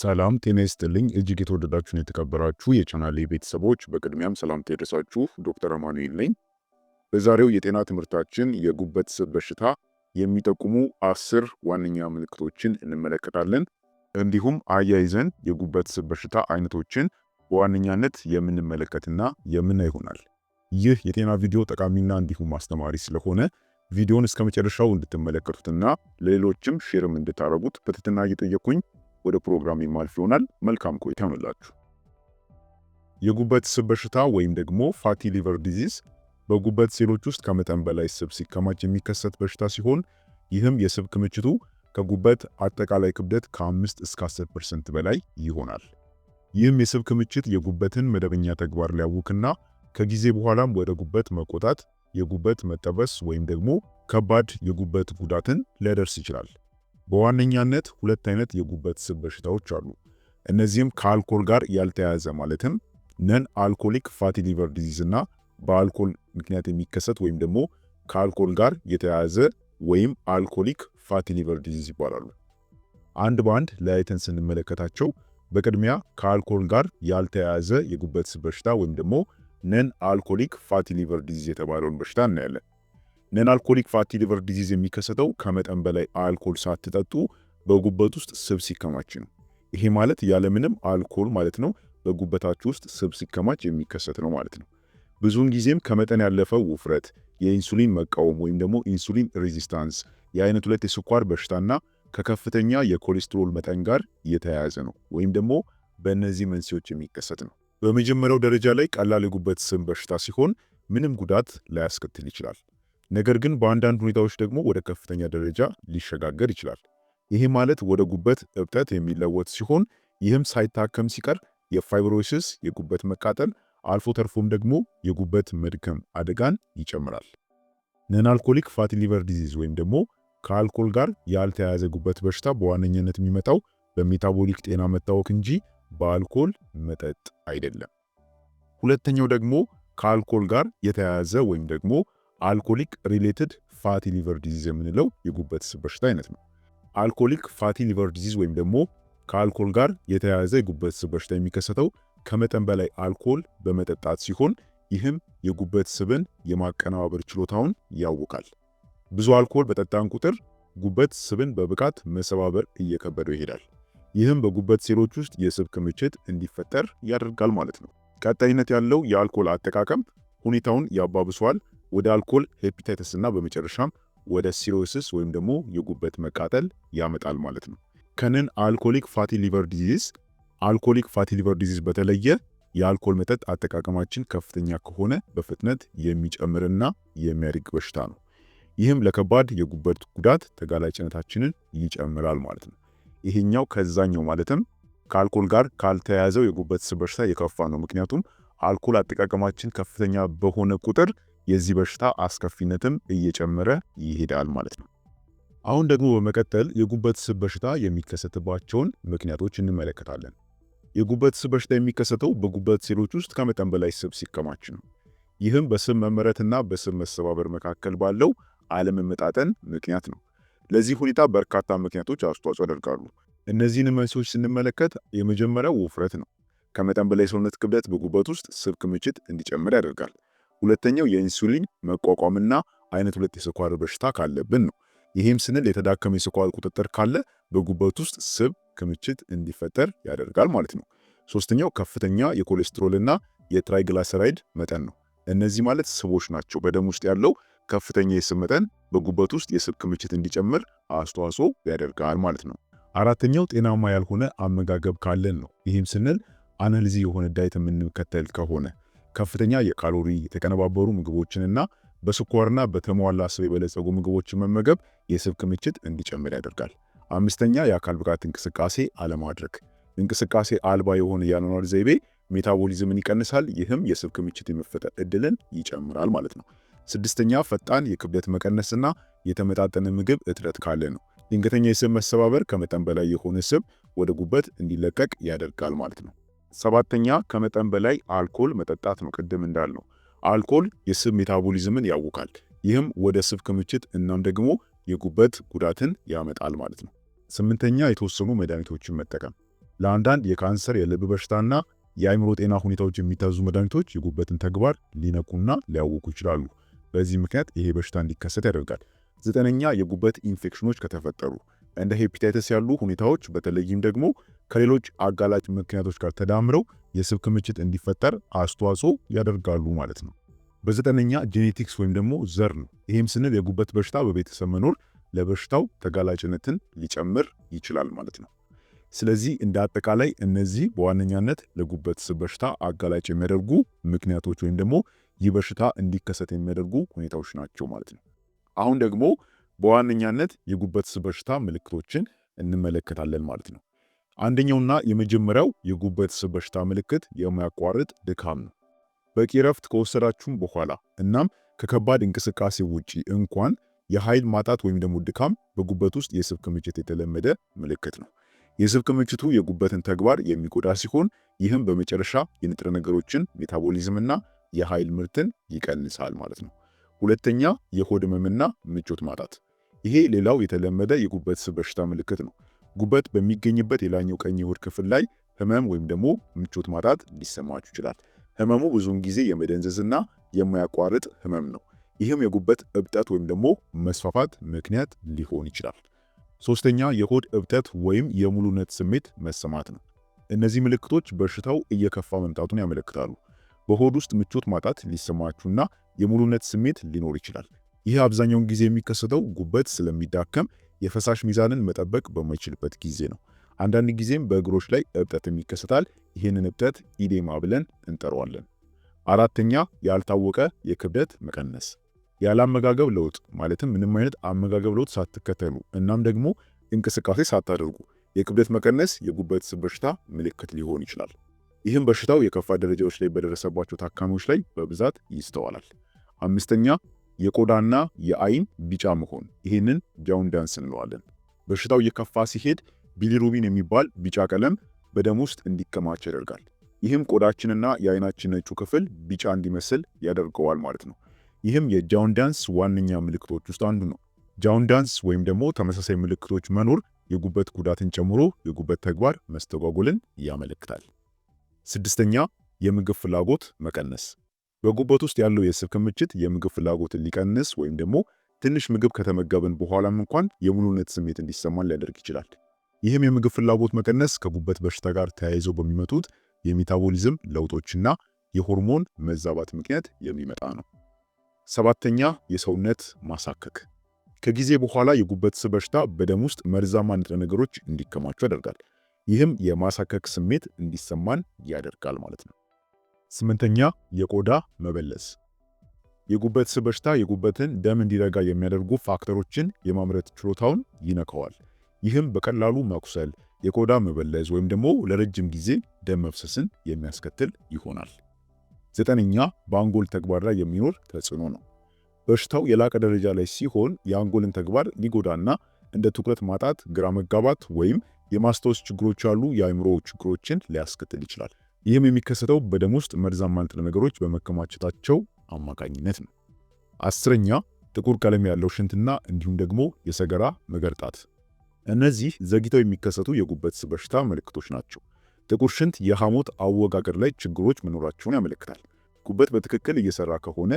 ሰላም ጤና ይስጥልኝ። እጅግ የተወደዳችሁን የተከበራችሁ የቻናሌ ቤተሰቦች በቅድሚያም ሰላም ይድረሳችሁ። ዶክተር አማኑኤል ነኝ። በዛሬው የጤና ትምህርታችን የጉበት ስብ በሽታ የሚጠቁሙ አስር ዋነኛ ምልክቶችን እንመለከታለን። እንዲሁም አያይዘን የጉበት ስብ በሽታ አይነቶችን በዋነኛነት የምንመለከትና የምናይ ይሆናል። ይህ የጤና ቪዲዮ ጠቃሚና እንዲሁም አስተማሪ ስለሆነ ቪዲዮን እስከ መጨረሻው እንድትመለከቱትና ለሌሎችም ሼርም እንድታረጉት በትህትና እየጠየኩኝ ወደ ፕሮግራም የማልፍ ይሆናል። መልካም ቆይታ ይሆንላችሁ። የጉበት ስብ በሽታ ወይም ደግሞ ፋቲ ሊቨር ዲዚዝ በጉበት ሴሎች ውስጥ ከመጠን በላይ ስብ ሲከማች የሚከሰት በሽታ ሲሆን ይህም የስብ ክምችቱ ከጉበት አጠቃላይ ክብደት ከ5 እስከ 10 ፐርሰንት በላይ ይሆናል። ይህም የስብ ክምችት የጉበትን መደበኛ ተግባር ሊያውክና ከጊዜ በኋላም ወደ ጉበት መቆጣት፣ የጉበት መጠበስ ወይም ደግሞ ከባድ የጉበት ጉዳትን ሊያደርስ ይችላል። በዋነኛነት ሁለት አይነት የጉበት ስብ በሽታዎች አሉ። እነዚህም ከአልኮል ጋር ያልተያያዘ ማለትም ነን አልኮሊክ ፋቲ ሊቨር ዲዚዝ እና በአልኮል ምክንያት የሚከሰት ወይም ደግሞ ከአልኮል ጋር የተያያዘ ወይም አልኮሊክ ፋቲ ሊቨር ዲዚዝ ይባላሉ። አንድ በአንድ ለያይተን ስንመለከታቸው በቅድሚያ ከአልኮል ጋር ያልተያያዘ የጉበት ስብ በሽታ ወይም ደግሞ ነን አልኮሊክ ፋቲ ሊቨር ዲዚዝ የተባለውን በሽታ እናያለን። ነን አልኮሊክ ፋቲ ሊቨር ዲዚዝ የሚከሰተው ከመጠን በላይ አልኮል ሳትጠጡ በጉበት ውስጥ ስብ ሲከማች ነው። ይሄ ማለት ያለምንም አልኮል ማለት ነው። በጉበታችሁ ውስጥ ስብ ሲከማች የሚከሰት ነው ማለት ነው። ብዙውን ጊዜም ከመጠን ያለፈው ውፍረት፣ የኢንሱሊን መቃወም ወይም ደግሞ ኢንሱሊን ሬዚስታንስ፣ የአይነት ሁለት የስኳር በሽታና ከከፍተኛ የኮሌስትሮል መጠን ጋር የተያያዘ ነው ወይም ደግሞ በእነዚህ መንስኤዎች የሚከሰት ነው። በመጀመሪያው ደረጃ ላይ ቀላል የጉበት ስም በሽታ ሲሆን ምንም ጉዳት ላያስከትል ይችላል። ነገር ግን በአንዳንድ ሁኔታዎች ደግሞ ወደ ከፍተኛ ደረጃ ሊሸጋገር ይችላል። ይሄ ማለት ወደ ጉበት እብጠት የሚለወጥ ሲሆን ይህም ሳይታከም ሲቀር የፋይብሮሲስ፣ የጉበት መቃጠል አልፎ ተርፎም ደግሞ የጉበት መድከም አደጋን ይጨምራል። ነን አልኮሊክ ፋቲ ሊቨር ዲዚዝ ወይም ደግሞ ከአልኮል ጋር ያልተያያዘ ጉበት በሽታ በዋነኝነት የሚመጣው በሜታቦሊክ ጤና መታወክ እንጂ በአልኮል መጠጥ አይደለም። ሁለተኛው ደግሞ ከአልኮል ጋር የተያያዘ ወይም ደግሞ አልኮሊክ ሪሌትድ ፋቲ ሊቨር ዲዚዝ የምንለው የጉበት ስብ በሽታ አይነት ነው። አልኮሊክ ፋቲ ሊቨር ዲዚዝ ወይም ደግሞ ከአልኮል ጋር የተያያዘ የጉበት ስብ በሽታ የሚከሰተው ከመጠን በላይ አልኮል በመጠጣት ሲሆን ይህም የጉበት ስብን የማቀነባበር ችሎታውን ያውቃል። ብዙ አልኮል በጠጣን ቁጥር ጉበት ስብን በብቃት መሰባበር እየከበደው ይሄዳል። ይህም በጉበት ሴሎች ውስጥ የስብ ክምችት እንዲፈጠር ያደርጋል ማለት ነው። ቀጣይነት ያለው የአልኮል አጠቃቀም ሁኔታውን ያባብሷል፣ ወደ አልኮል ሄፒታይተስ እና በመጨረሻም ወደ ሲሮሲስ ወይም ደግሞ የጉበት መቃጠል ያመጣል ማለት ነው። ከነን አልኮሊክ ፋቲ ሊቨር ዲዚዝ አልኮሊክ ፋቲ ሊቨር ዲዚዝ በተለየ የአልኮል መጠጥ አጠቃቀማችን ከፍተኛ ከሆነ በፍጥነት የሚጨምርና የሚያድግ በሽታ ነው። ይህም ለከባድ የጉበት ጉዳት ተጋላጭነታችንን ይጨምራል ማለት ነው። ይሄኛው ከዛኛው ማለትም ከአልኮል ጋር ካልተያያዘው የጉበት ስብ በሽታ የከፋ ነው። ምክንያቱም አልኮል አጠቃቀማችን ከፍተኛ በሆነ ቁጥር የዚህ በሽታ አስከፊነትም እየጨመረ ይሄዳል ማለት ነው። አሁን ደግሞ በመቀጠል የጉበት ስብ በሽታ የሚከሰትባቸውን ምክንያቶች እንመለከታለን። የጉበት ስብ በሽታ የሚከሰተው በጉበት ሴሎች ውስጥ ከመጠን በላይ ስብ ሲከማች ነው። ይህም በስብ መመረትና በስብ መሰባበር መካከል ባለው አለመመጣጠን ምክንያት ነው። ለዚህ ሁኔታ በርካታ ምክንያቶች አስተዋጽኦ ያደርጋሉ። እነዚህን መንስኤዎች ስንመለከት የመጀመሪያው ውፍረት ነው። ከመጠን በላይ ሰውነት ክብደት በጉበት ውስጥ ስብ ክምችት እንዲጨምር ያደርጋል። ሁለተኛው የኢንሱሊን መቋቋምና አይነት ሁለት የስኳር በሽታ ካለብን ነው። ይህም ስንል የተዳከመ የስኳር ቁጥጥር ካለ በጉበት ውስጥ ስብ ክምችት እንዲፈጠር ያደርጋል ማለት ነው። ሶስተኛው ከፍተኛ የኮሌስትሮልና የትራይግላሰራይድ መጠን ነው። እነዚህ ማለት ስቦች ናቸው። በደም ውስጥ ያለው ከፍተኛ የስብ መጠን በጉበት ውስጥ የስብ ክምችት እንዲጨምር አስተዋጽኦ ያደርጋል ማለት ነው። አራተኛው ጤናማ ያልሆነ አመጋገብ ካለን ነው። ይህም ስንል አናሊዚ የሆነ ዳይት የምንከተል ከሆነ ከፍተኛ የካሎሪ የተቀነባበሩ ምግቦችንና በስኳርና በተሟላ ስብ የበለጸጉ ምግቦችን መመገብ የስብ ክምችት እንዲጨምር ያደርጋል። አምስተኛ የአካል ብቃት እንቅስቃሴ አለማድረግ። እንቅስቃሴ አልባ የሆነ የአኗኗር ዘይቤ ሜታቦሊዝምን ይቀንሳል። ይህም የስብ ክምችት የመፈጠር እድልን ይጨምራል ማለት ነው። ስድስተኛ ፈጣን የክብደት መቀነስና የተመጣጠነ ምግብ እጥረት ካለ ነው። ድንገተኛ የስብ መሰባበር ከመጠን በላይ የሆነ ስብ ወደ ጉበት እንዲለቀቅ ያደርጋል ማለት ነው። ሰባተኛ ከመጠን በላይ አልኮል መጠጣት ነው። ቅድም እንዳልነው አልኮል የስብ ሜታቦሊዝምን ያውካል። ይህም ወደ ስብ ክምችት እናም ደግሞ የጉበት ጉዳትን ያመጣል ማለት ነው። ስምንተኛ የተወሰኑ መድኃኒቶችን መጠቀም ለአንዳንድ የካንሰር የልብ በሽታና የአይምሮ ጤና ሁኔታዎች የሚታዙ መድኃኒቶች የጉበትን ተግባር ሊነኩና ሊያወቁ ይችላሉ። በዚህ ምክንያት ይሄ በሽታ እንዲከሰት ያደርጋል። ዘጠነኛ የጉበት ኢንፌክሽኖች ከተፈጠሩ እንደ ሄፒታይተስ ያሉ ሁኔታዎች በተለይም ደግሞ ከሌሎች አጋላጭ ምክንያቶች ጋር ተዳምረው የስብ ክምችት እንዲፈጠር አስተዋጽኦ ያደርጋሉ ማለት ነው። በዘጠነኛ ጄኔቲክስ ወይም ደግሞ ዘር ነው። ይህም ስንል የጉበት በሽታ በቤተሰብ መኖር ለበሽታው ተጋላጭነትን ሊጨምር ይችላል ማለት ነው። ስለዚህ እንደ አጠቃላይ እነዚህ በዋነኛነት ለጉበት ስብ በሽታ አጋላጭ የሚያደርጉ ምክንያቶች ወይም ደግሞ ይህ በሽታ እንዲከሰት የሚያደርጉ ሁኔታዎች ናቸው ማለት ነው። አሁን ደግሞ በዋነኛነት የጉበት ስብ በሽታ ምልክቶችን እንመለከታለን ማለት ነው። አንደኛውና የመጀመሪያው የጉበት ስብ በሽታ ምልክት የማያቋርጥ ድካም ነው። በቂ ረፍት ከወሰዳችሁም በኋላ እናም ከከባድ እንቅስቃሴ ውጪ እንኳን የኃይል ማጣት ወይም ደግሞ ድካም በጉበት ውስጥ የስብ ክምችት የተለመደ ምልክት ነው። የስብ ክምችቱ የጉበትን ተግባር የሚጎዳ ሲሆን ይህም በመጨረሻ የንጥረ ነገሮችን ሜታቦሊዝምና የኃይል ምርትን ይቀንሳል ማለት ነው። ሁለተኛ የሆድ ህመምና ምቾት ማጣት ይሄ ሌላው የተለመደ የጉበት ስብ በሽታ ምልክት ነው። ጉበት በሚገኝበት የላይኛው ቀኝ የሆድ ክፍል ላይ ህመም ወይም ደግሞ ምቾት ማጣት ሊሰማችሁ ይችላል። ህመሙ ብዙውን ጊዜ የመደንዘዝና የማያቋርጥ ህመም ነው። ይህም የጉበት እብጠት ወይም ደግሞ መስፋፋት ምክንያት ሊሆን ይችላል። ሶስተኛ የሆድ እብጠት ወይም የሙሉነት ስሜት መሰማት ነው። እነዚህ ምልክቶች በሽታው እየከፋ መምጣቱን ያመለክታሉ። በሆድ ውስጥ ምቾት ማጣት ሊሰማችሁና የሙሉነት ስሜት ሊኖር ይችላል። ይህ አብዛኛውን ጊዜ የሚከሰተው ጉበት ስለሚዳከም የፈሳሽ ሚዛንን መጠበቅ በማይችልበት ጊዜ ነው። አንዳንድ ጊዜም በእግሮች ላይ እብጠትም ይከሰታል። ይህንን እብጠት ኢዴማ ብለን እንጠራዋለን። አራተኛ ያልታወቀ የክብደት መቀነስ፣ አመጋገብ ለውጥ ማለትም ምንም አይነት አመጋገብ ለውጥ ሳትከተሉ እናም ደግሞ እንቅስቃሴ ሳታደርጉ የክብደት መቀነስ የጉበት ስብ በሽታ ምልክት ሊሆን ይችላል። ይህም በሽታው የከፋ ደረጃዎች ላይ በደረሰባቸው ታካሚዎች ላይ በብዛት ይስተዋላል። አምስተኛ የቆዳና የአይን ቢጫ መሆን፣ ይህንን ጃውንዳንስ እንለዋለን። በሽታው እየከፋ ሲሄድ ቢሊሩቢን የሚባል ቢጫ ቀለም በደም ውስጥ እንዲከማች ያደርጋል። ይህም ቆዳችንና የአይናችን ነጩ ክፍል ቢጫ እንዲመስል ያደርገዋል ማለት ነው። ይህም የጃውንዳንስ ዋነኛ ምልክቶች ውስጥ አንዱ ነው። ጃውንዳንስ ወይም ደግሞ ተመሳሳይ ምልክቶች መኖር የጉበት ጉዳትን ጨምሮ የጉበት ተግባር መስተጓጎልን ያመለክታል። ስድስተኛ የምግብ ፍላጎት መቀነስ በጉበት ውስጥ ያለው የስብ ክምችት የምግብ ፍላጎትን ሊቀንስ ወይም ደግሞ ትንሽ ምግብ ከተመገብን በኋላም እንኳን የሙሉነት ስሜት እንዲሰማን ሊያደርግ ይችላል። ይህም የምግብ ፍላጎት መቀነስ ከጉበት በሽታ ጋር ተያይዘው በሚመጡት የሜታቦሊዝም ለውጦችና የሆርሞን መዛባት ምክንያት የሚመጣ ነው። ሰባተኛ የሰውነት ማሳከክ። ከጊዜ በኋላ የጉበት ስብ በሽታ በደም ውስጥ መርዛማ ንጥረ ነገሮች እንዲከማቹ ያደርጋል። ይህም የማሳከክ ስሜት እንዲሰማን ያደርጋል ማለት ነው። ስምንተኛ የቆዳ መበለስ። የጉበት ስብ በሽታ የጉበትን ደም እንዲረጋ የሚያደርጉ ፋክተሮችን የማምረት ችሎታውን ይነካዋል። ይህም በቀላሉ መቁሰል፣ የቆዳ መበለዝ ወይም ደግሞ ለረጅም ጊዜ ደም መፍሰስን የሚያስከትል ይሆናል። ዘጠነኛ በአንጎል ተግባር ላይ የሚኖር ተጽዕኖ ነው። በሽታው የላቀ ደረጃ ላይ ሲሆን የአንጎልን ተግባር ሊጎዳና እንደ ትኩረት ማጣት፣ ግራ መጋባት ወይም የማስታወስ ችግሮች ያሉ የአእምሮ ችግሮችን ሊያስከትል ይችላል። ይህም የሚከሰተው በደም ውስጥ መርዛማ ንጥረ ነገሮች በመከማቸታቸው አማካኝነት ነው። አስረኛ ጥቁር ቀለም ያለው ሽንትና እንዲሁም ደግሞ የሰገራ መገርጣት። እነዚህ ዘግይተው የሚከሰቱ የጉበት ስብ በሽታ ምልክቶች ናቸው። ጥቁር ሽንት የሐሞት አወጋገር ላይ ችግሮች መኖራቸውን ያመለክታል። ጉበት በትክክል እየሰራ ከሆነ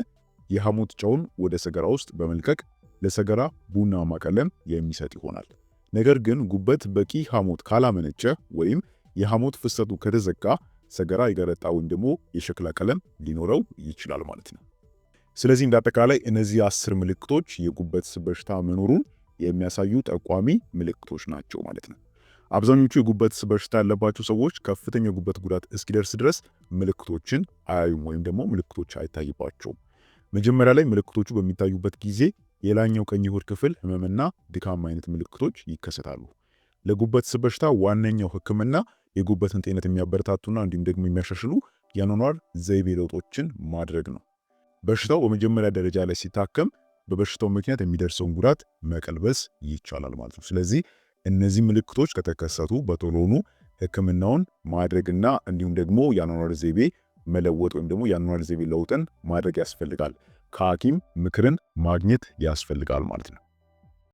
የሐሞት ጨውን ወደ ሰገራ ውስጥ በመልቀቅ ለሰገራ ቡናማ ቀለም የሚሰጥ ይሆናል። ነገር ግን ጉበት በቂ ሐሞት ካላመነጨ ወይም የሐሞት ፍሰቱ ከተዘጋ ሰገራ የገረጣ ወይም የሸክላ ቀለም ሊኖረው ይችላል ማለት ነው። ስለዚህ እንዳጠቃላይ እነዚህ አስር ምልክቶች የጉበት ስብ በሽታ መኖሩን የሚያሳዩ ጠቋሚ ምልክቶች ናቸው ማለት ነው። አብዛኞቹ የጉበት ስብ በሽታ ያለባቸው ሰዎች ከፍተኛ የጉበት ጉዳት እስኪደርስ ድረስ ምልክቶችን አያዩም ወይም ደግሞ ምልክቶች አይታይባቸውም። መጀመሪያ ላይ ምልክቶቹ በሚታዩበት ጊዜ የላይኛው ቀኝ ሆድ ክፍል ህመምና ድካም አይነት ምልክቶች ይከሰታሉ። ለጉበት ስብ በሽታ ዋነኛው ህክምና የጉበትን ጤነት የሚያበረታቱና እንዲሁም ደግሞ የሚያሻሽሉ የአኗኗር ዘይቤ ለውጦችን ማድረግ ነው። በሽታው በመጀመሪያ ደረጃ ላይ ሲታከም በበሽታው ምክንያት የሚደርሰውን ጉዳት መቀልበስ ይቻላል ማለት ነው። ስለዚህ እነዚህ ምልክቶች ከተከሰቱ በቶሎኑ ሕክምናውን ማድረግና እንዲሁም ደግሞ የአኗኗር ዘይቤ መለወጥ ወይም ደግሞ የአኗኗር ዘይቤ ለውጥን ማድረግ ያስፈልጋል። ከሐኪም ምክርን ማግኘት ያስፈልጋል ማለት ነው።